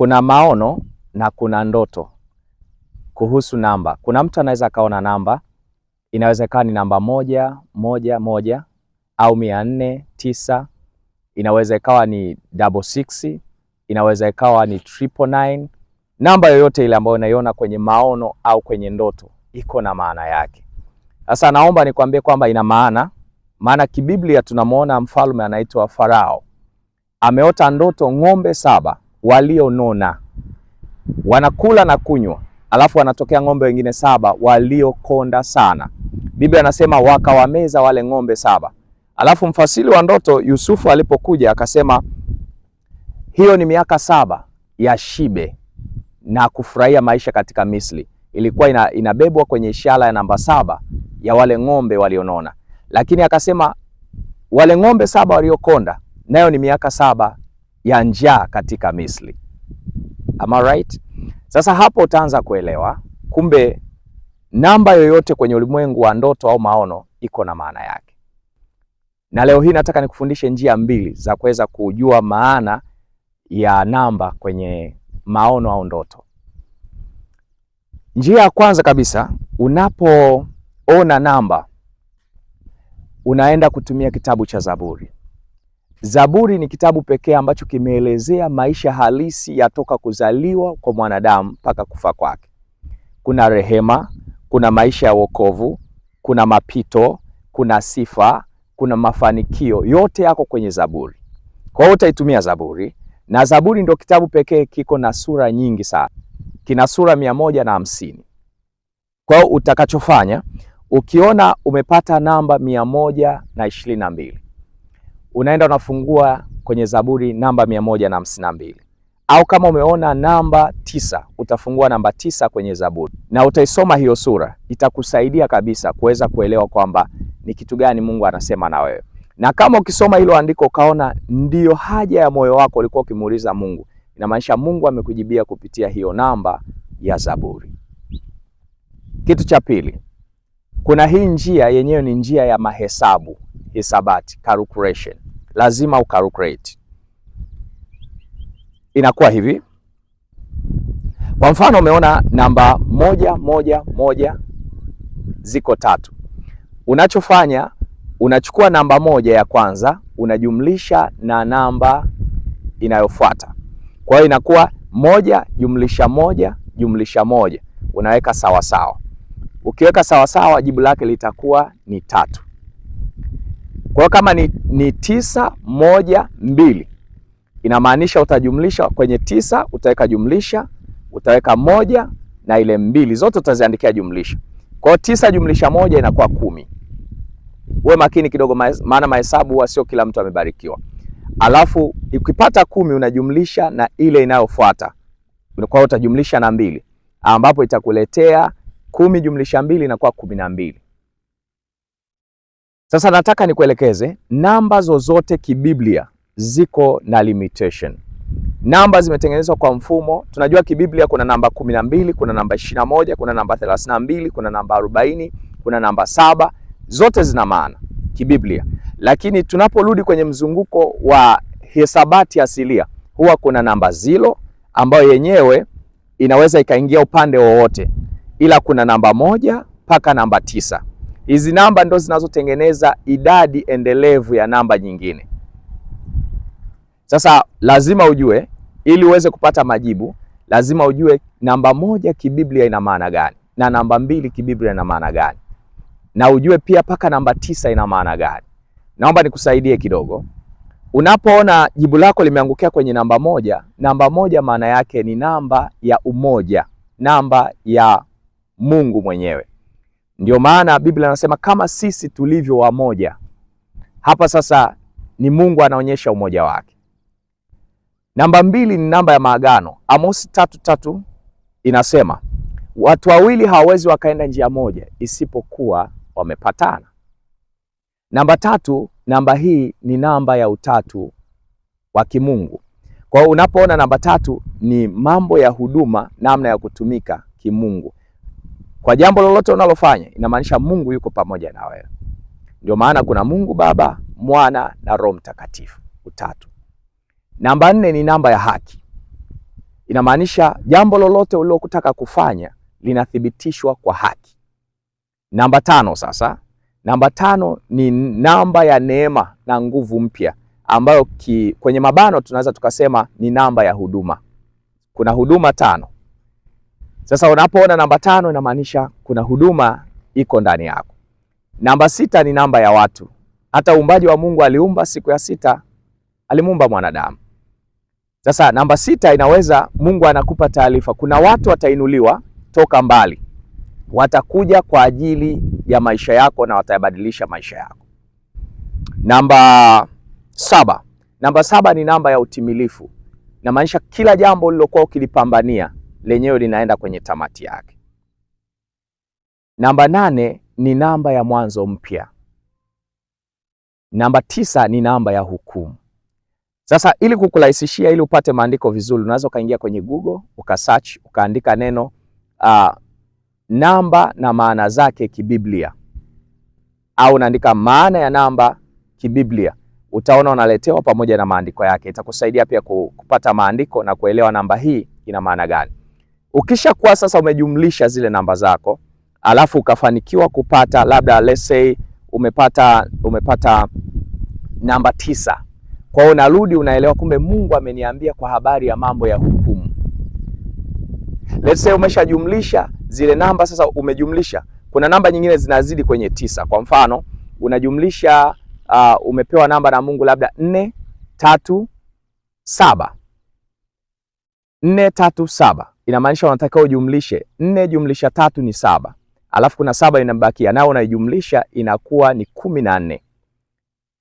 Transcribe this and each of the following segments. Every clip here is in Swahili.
Kuna maono na kuna ndoto kuhusu namba. Kuna mtu anaweza akaona namba, inawezekana ni namba moja moja moja au mia nne tisa, inaweza ikawa ni double six, inaweza ikawa ni triple nine. Namba yoyote ile ambayo unaiona kwenye maono au kwenye ndoto iko na maana yake. Sasa naomba nikwambie kwamba ina maana, maana kibiblia tunamwona mfalme anaitwa Farao ameota ndoto ng'ombe saba walionona, wanakula na kunywa, alafu wanatokea ng'ombe wengine saba waliokonda sana. Biblia anasema wakawameza wale ng'ombe saba. Alafu mfasili wa ndoto Yusufu alipokuja akasema, hiyo ni miaka saba ya shibe na kufurahia maisha katika Misri. Ilikuwa ina, inabebwa kwenye ishara ya namba saba ya wale ng'ombe walionona, lakini akasema wale ng'ombe saba waliokonda nayo ni miaka saba ya njaa katika Misri. Am I right? Sasa hapo utaanza kuelewa kumbe namba yoyote kwenye ulimwengu wa ndoto au maono iko na maana yake. Na leo hii nataka nikufundishe njia mbili za kuweza kujua maana ya namba kwenye maono au ndoto. Njia ya kwanza kabisa, unapoona namba unaenda kutumia kitabu cha Zaburi. Zaburi ni kitabu pekee ambacho kimeelezea maisha halisi ya toka kuzaliwa kwa mwanadamu mpaka kufa kwake. Kuna rehema, kuna maisha ya wokovu, kuna mapito, kuna sifa, kuna mafanikio, yote yako kwenye Zaburi. Kwa hiyo utaitumia Zaburi, na Zaburi ndio kitabu pekee kiko na sura nyingi sana, kina sura mia moja na hamsini. Kwa hiyo utakachofanya ukiona umepata namba mia moja na ishirini na mbili unaenda unafungua kwenye Zaburi namba mia moja na hamsini na mbili au kama umeona namba tisa utafungua namba tisa kwenye Zaburi na utaisoma hiyo sura, itakusaidia kabisa kuweza kuelewa kwamba ni kitu gani Mungu anasema na wewe. Na kama ukisoma hilo andiko ukaona ndiyo haja ya moyo wako ulikuwa ukimuuliza Mungu, inamaanisha Mungu amekujibia kupitia hiyo namba ya Zaburi. Kitu cha pili, kuna hii njia yenyewe ni njia ya mahesabu, hisabati, calculation lazima ukalculate. Inakuwa hivi, kwa mfano umeona namba moja moja moja ziko tatu. Unachofanya unachukua namba moja ya kwanza unajumlisha na namba inayofuata, kwa hiyo inakuwa moja jumlisha moja jumlisha moja, unaweka sawasawa. Ukiweka sawasawa, jibu lake litakuwa ni tatu. Kwa hiyo kama ni, ni tisa moja mbili inamaanisha utajumlisha kwenye tisa utaweka jumlisha, utaweka moja na ile mbili zote utaziandikia jumlisha. Kwa hiyo tisa jumlisha moja inakuwa kumi. Uwe makini kidogo, maana mahesabu huwa sio kila mtu amebarikiwa. Alafu ukipata kumi unajumlisha na ile inayofuata, kwa hiyo utajumlisha na mbili ambapo itakuletea kumi jumlisha mbili inakuwa kumi na mbili. Sasa nataka nikuelekeze namba zozote kibiblia ziko na limitation. Namba zimetengenezwa kwa mfumo. Tunajua kibiblia kuna namba kumi na mbili, kuna namba ishirini na moja, kuna namba thelathini na mbili, kuna namba arobaini, kuna namba saba. Zote zina maana kibiblia, lakini tunaporudi kwenye mzunguko wa hesabati asilia huwa kuna namba zilo ambayo yenyewe inaweza ikaingia upande wowote, ila kuna namba moja mpaka namba tisa. Hizi namba ndo zinazotengeneza idadi endelevu ya namba nyingine. Sasa lazima ujue, ili uweze kupata majibu, lazima ujue namba moja kibiblia ina maana gani na namba mbili kibiblia ina maana gani, na ujue pia paka namba tisa ina maana gani. Naomba nikusaidie kidogo. Unapoona jibu lako limeangukia kwenye namba moja, namba moja maana yake ni namba ya umoja, namba ya Mungu mwenyewe. Ndio maana Biblia anasema kama sisi tulivyo wamoja. Hapa sasa ni Mungu anaonyesha umoja wake. Namba mbili ni namba ya maagano. Amosi tatu tatu inasema watu wawili hawawezi wakaenda njia moja isipokuwa wamepatana. Namba tatu, namba hii ni namba ya utatu wa kimungu. Kwa hiyo unapoona namba tatu ni mambo ya huduma, namna ya kutumika kimungu. Kwa jambo lolote unalofanya inamaanisha Mungu yuko pamoja na wewe. Ndio maana kuna Mungu Baba, Mwana na Roho Mtakatifu, utatu. Namba nne ni namba ya haki, inamaanisha jambo lolote uliokutaka kufanya linathibitishwa kwa haki. Namba tano sasa, namba tano ni namba ya neema na nguvu mpya ambayo ki, kwenye mabano tunaweza tukasema ni namba ya huduma. Kuna huduma tano sasa unapoona namba tano inamaanisha kuna huduma iko ndani yako. Namba sita ni namba ya watu. Hata uumbaji wa Mungu aliumba siku ya sita, alimuumba mwanadamu. Sasa namba sita inaweza, Mungu anakupa taarifa, kuna watu watainuliwa toka mbali, watakuja kwa ajili ya maisha yako na watayabadilisha maisha yako. Namba saba, namba saba ni namba ya utimilifu, inamaanisha kila jambo lilokuwa ukilipambania lenyewe linaenda kwenye tamati yake. Namba nane ni namba ya mwanzo mpya. Namba tisa ni namba ya hukumu. Sasa ili kukurahisishia, ili upate maandiko vizuri, unaweza ukaingia kwenye Google ukasearch ukaandika neno uh, namba na maana zake kibiblia, au unaandika maana ya namba kibiblia, utaona unaletewa pamoja na maandiko yake. Itakusaidia pia kupata maandiko na kuelewa namba hii ina maana gani. Ukisha kuwa sasa umejumlisha zile namba zako, alafu ukafanikiwa kupata labda let's say umepata umepata namba tisa. Kwa hiyo unarudi unaelewa, kumbe Mungu ameniambia kwa habari ya mambo ya hukumu. Let's say umeshajumlisha zile namba sasa, umejumlisha kuna namba nyingine zinazidi kwenye tisa. Kwa mfano unajumlisha uh, umepewa namba na Mungu labda nne tatu saba nne tatu saba inamaanisha unatakiwa ujumlishe nne jumlisha tatu ni saba, alafu kuna saba inabakia, nao unaijumlisha inakuwa ni kumi na nne.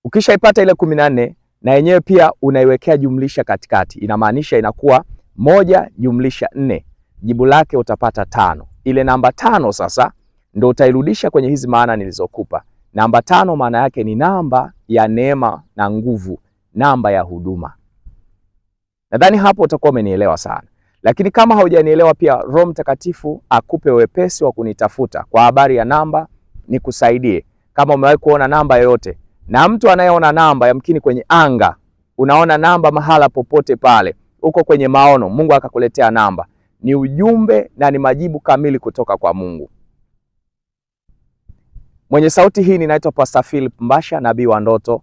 Ukishaipata ile kumi na nne na yenyewe pia unaiwekea jumlisha katikati, inamaanisha inakuwa moja jumlisha nne, jibu lake utapata tano. Ile namba tano sasa ndo utairudisha kwenye hizi maana nilizokupa. Namba tano maana yake ni namba ya neema na nguvu, namba ya huduma. Nadhani hapo utakuwa umenielewa sana, lakini kama haujanielewa pia, Roho Mtakatifu akupe wepesi wa kunitafuta kwa habari ya namba, nikusaidie kama umewahi kuona namba yoyote. Na mtu anayeona namba yamkini kwenye anga, unaona namba mahala popote pale, uko kwenye maono, Mungu akakuletea namba, ni ujumbe na ni majibu kamili kutoka kwa Mungu. Mwenye sauti hii ninaitwa Pastor Philip Mbasha, nabii wa ndoto.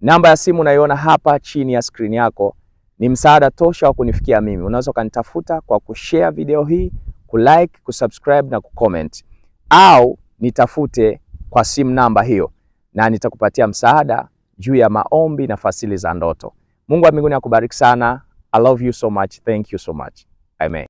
Namba ya simu unaiona hapa chini ya skrini yako ni msaada tosha wa kunifikia mimi. Unaweza ukanitafuta kwa kushare video hii, kulike, kusubscribe na kucomment, au nitafute kwa simu namba hiyo na nitakupatia msaada juu ya maombi na fasili za ndoto. Mungu wa mbinguni akubariki sana. I love you so much. Thank you so much. Amen.